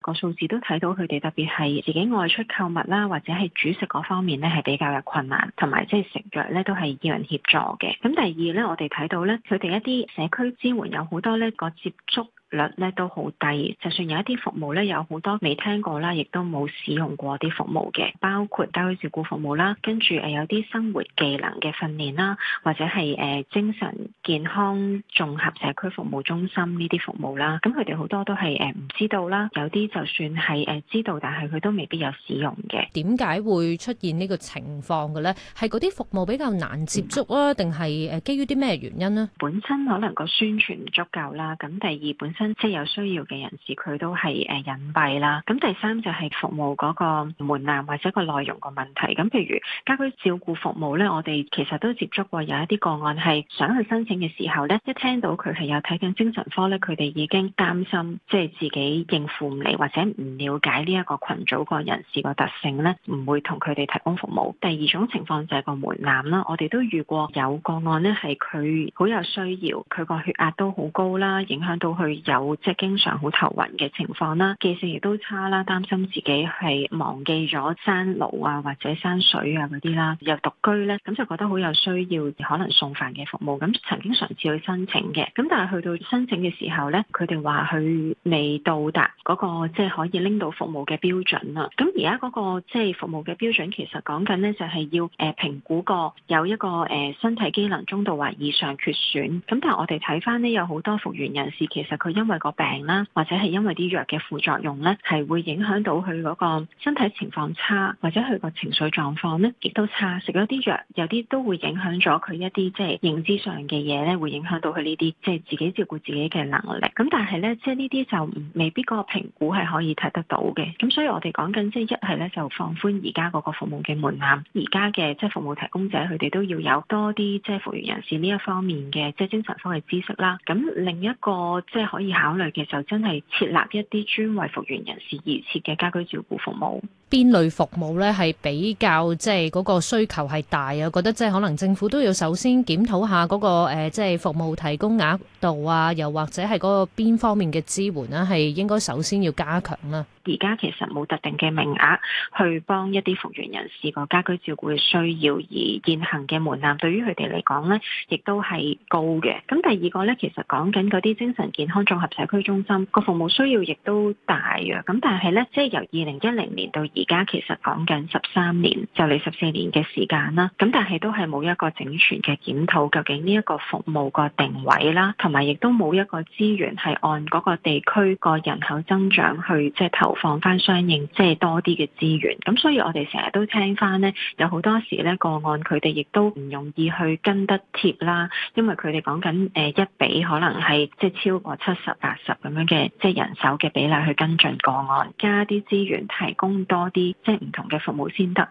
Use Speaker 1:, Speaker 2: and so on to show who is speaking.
Speaker 1: 個數字都睇到佢哋特別係自己外出購物啦，或者係煮食嗰方面咧，係比較有困難，同埋即係食藥咧都係要人協助嘅。咁第二咧，我哋睇到咧，佢哋一啲社區支援有好多呢個接觸。率咧都好低，就算有一啲服務咧，有好多未聽過啦，亦都冇使用過啲服務嘅，包括家居照顧服務啦，跟住誒有啲生活技能嘅訓練啦，或者係誒精神健康綜合社區服務中心呢啲服務啦，咁佢哋好多都係誒唔知道啦，有啲就
Speaker 2: 算係誒知道，但係佢都未必有使用嘅。點解會出現呢個情況嘅咧？係嗰啲服務比較難接觸啊，定係誒基於啲咩原因呢、嗯、本身可能個宣傳唔足夠啦，咁第二本身。即有需要嘅人士，佢都係誒隱
Speaker 1: 蔽啦。咁第三就係、是、服務嗰個門檻或者個內容個問題。咁譬如家居照顧服務咧，我哋其實都接觸過有一啲個案係想去申請嘅時候咧，一聽到佢係有睇緊精神科咧，佢哋已經擔心即係、就是、自己應付唔嚟或者唔了解呢一個群組個人士個特性咧，唔會同佢哋提供服務。第二種情況就係個門檻啦，我哋都遇過有個案咧，係佢好有需要，佢個血壓都好高啦，影響到佢。有即係經常好頭暈嘅情況啦，記性亦都差啦，擔心自己係忘記咗閂爐啊或者閂水啊嗰啲啦，又獨居咧，咁就覺得好有需要可能送飯嘅服務。咁曾經嘗試去申請嘅，咁但係去到申請嘅時候咧，佢哋話佢未到達嗰、那個即係、就是、可以拎到服務嘅標準啦。咁而家嗰個即係、就是、服務嘅標準，其實講緊咧就係要誒評估過有一個誒身體機能中度或以上缺損。咁但係我哋睇翻咧，有好多復元人士其實佢因為個病啦，或者係因為啲藥嘅副作用咧，係會影響到佢嗰個身體情況差，或者佢個情緒狀況咧亦都差。食咗啲藥，有啲都會影響咗佢一啲即係認知上嘅嘢咧，會影響到佢呢啲即係自己照顧自己嘅能力。咁但係咧，即係呢啲就未必個評估係可以睇得到嘅。咁所以我，我哋講緊即係一係咧就放寬而家嗰個服務嘅門檻，而家嘅即係服務提供者，佢哋都要有多啲即係復元人士呢一方面嘅即係精神科嘅知識啦。咁另一個即係可以。考慮嘅就真係設立一啲專為復元人
Speaker 2: 士而設嘅家居照顧服務。邊類服務咧係比較即係嗰個需求係大啊？我覺得即係可能政府都要首先檢討下嗰、嗰個、呃、即係服務提供額度啊，又或者係嗰個邊方面嘅支援咧係應該首先要加強啦、啊。而家其實冇特定嘅名額去幫一啲復元人士個家居照顧嘅需
Speaker 1: 要，而現行嘅門檻對於佢哋嚟講咧，亦都係高嘅。咁第二個咧，其實講緊嗰啲精神健康綜合社區中心、嗰個服務需要亦都大嘅。咁但係咧，即係由二零一零年到二。而家其實講緊十三年，就嚟十四年嘅時間啦。咁但係都係冇一個整全嘅檢討，究竟呢一個服務個定位啦，同埋亦都冇一個資源係按嗰個地區個人口增長去即係投放翻相應，即係多啲嘅資源。咁所以我哋成日都聽翻呢，有好多時呢個案佢哋亦都唔容易去跟得貼啦，因為佢哋講緊誒一比可能係即係超過七十八十咁樣嘅即係人手嘅比例去跟進個案，加啲資源提供多啲即係唔同嘅服務先得。